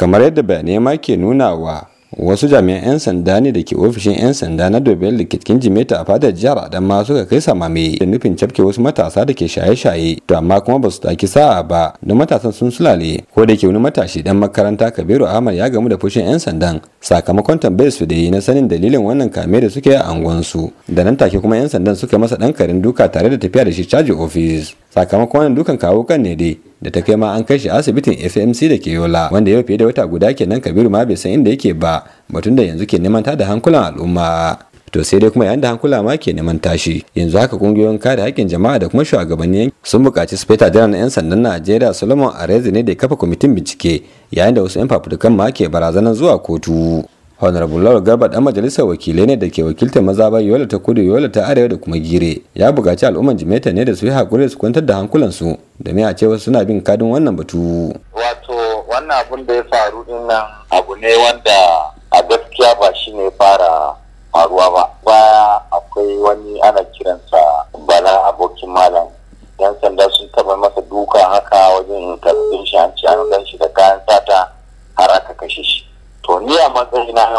kamar yadda bayanai ma ke nuna wa wasu jami'an 'yan sanda ne da ke ofishin 'yan sanda na dobel da kitkin jimeta a fadar jihar adama suka kai samame da nufin cafke wasu matasa da ke shaye-shaye to amma kuma ba su taki sa'a ba don matasan sun sulale ko da ke wani matashi dan makaranta kabiru ahmad ya gamu da fushin 'yan sandan sakamakon tambayar su da yi na sanin dalilin wannan kame da suke a anguwansu da nan take kuma 'yan sandan suka masa dan karin duka tare da tafiya da shi caji ofis sakamakon wannan dukan kawo kan ne dai da ta kai ma an kai asibitin FMC da ke Yola wanda yau fiye da wata guda kenan Kabiru ma bai san inda yake ba batun da yanzu ke neman da hankulan al'umma to sai dai kuma yayin da hankula ma ke neman tashi yanzu haka kungiyoyin kare haƙƙin jama'a da kuma shugabanni sun buƙaci speta jiran 'yan sandan najeriya solomon arezi ne da ya kafa kwamitin bincike yayin da wasu 'yan fafutukan ma ke barazanar zuwa kotu honorable laura garba dan majalisar wakilai ne da ke wakiltar mazabar yola ta kudu yola ta arewa da kuma gire ya buƙaci al'umman jimeta ne da su yi hakuri su kwantar da hankulansu da me a cewa suna bin kadin wannan batu wato wannan abun da ya faru din nan abu ne wanda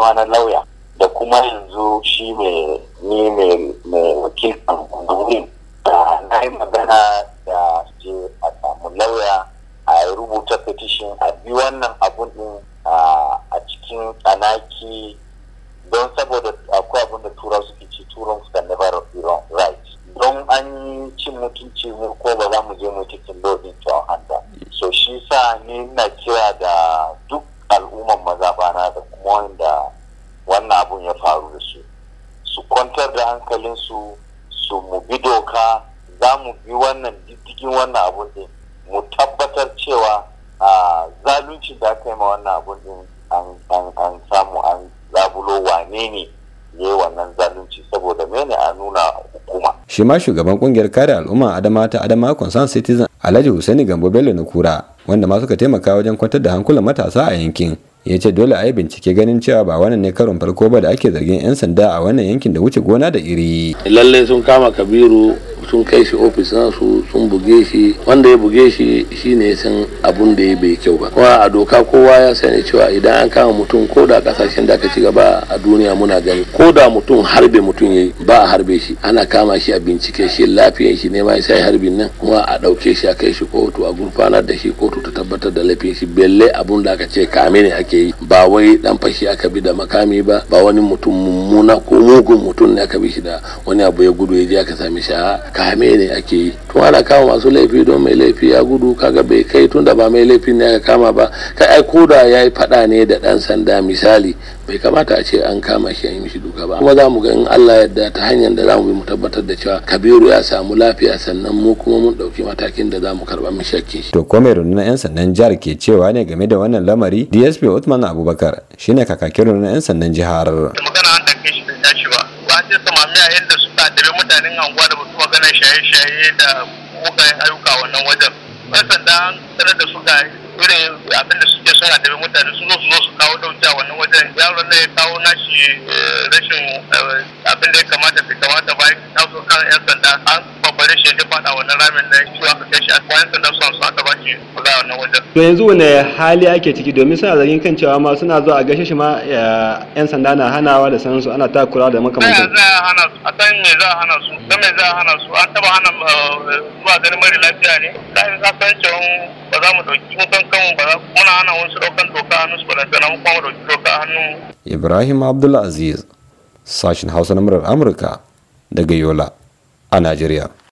zama na lauya da kuma yanzu shi mai ni mai wakiltan da na yi magana da je a samu lauya a rubuta petition a bi wannan abun din a cikin tsanaki don saboda akwai abun da tura suke ci turan suka never right don an yi cin mutunci ko ba za mu je mu cikin hankalin su su mu bi doka za mu bi wannan diddigin wannan abun din mu tabbatar cewa a zalunci da aka yi ma wannan abun din an samu an zabulo wane ne ya wannan zalunci saboda mene a nuna hukuma. shi ma shugaban kungiyar kare al'umma adama ta adama concern citizen alhaji husaini gambo bello na kura wanda ma suka taimaka wajen kwantar da hankulan matasa a yankin ya ce dole a yi bincike ganin cewa ba wannan ne karon farko ba da ake zargin 'yan sanda a wannan yankin da wuce gona da iri Lallai sun kama kabiru sun kai shi ofis nasu sun buge shi wanda ya buge shi shine ya san abun da ya bai kyau ba kuma a doka kowa ya sani cewa idan an kama mutum ko da kasashen da aka ci gaba a duniya muna gani ko da mutum harbe mutum yayi ba a harbe shi ana kama shi a bincike shi lafiyan shi ne ma ya sai harbin nan kuma a dauke shi a kai shi kotu a gurfanar da shi kotu ta tabbatar da laifin shi belle abun da aka ce kame ne ake yi ba wai dan fashi aka bi da makami ba ba wani mutum mummuna ko mugun mutum ne aka bi shi da wani abu ya gudu ya je aka same shi a kame ne ake yi tun ana kama masu laifi don mai laifi ya gudu kaga bai kai tun da ba mai laifin ne aka kama ba kai ai koda ya yi fada ne da dan sanda misali bai kamata a ce an kama shi an yi mishi duka ba kuma za mu ga in Allah yadda ta hanyar da za mu bi mu tabbatar da cewa Kabiru ya samu lafiya sannan mu kuma mun dauki matakin da za mu karba mu shakke shi to mai rundunar yan sandan jihar ke cewa ne game da wannan lamari DSP Uthman Abubakar shine kakakin rundunar yan sandan jihar magana an take shi da tashi ba ba a yanda su ta dare mutanen anguwa da magana shaye-shaye da mugayen ayyuka wannan wajen wani sanda an sanar da su ga irin abin da suke suna da mutane su zo su zo su kawo dauki a wannan wajen yaron ne ya kawo nashi eh, rashin eh, abin da ya kamata bai kamata ba ya zo kan yan sanda an babbare shi ya faɗa wannan ramin da ya ciwo aka kai shi a kwayan sanda su su aka ba shi to yanzu wane hali ake ciki domin suna zargin kan cewa ma suna zuwa a gashe shi ma yan sanda na hanawa da sanansu ana kula da makamantan za a hana su a san me za a hana su ta me za a hana su an taba hana eh, zuwa ganin mara lafiya ne sai ka san cewa ba za mu dauki mutan kanmu ba muna hana wasu daukan doka hannun su ba da sanan kuma mu dauki doka hannun Ibrahim Abdulaziz sashin Hausa na murar Amurka daga Yola a Najeriya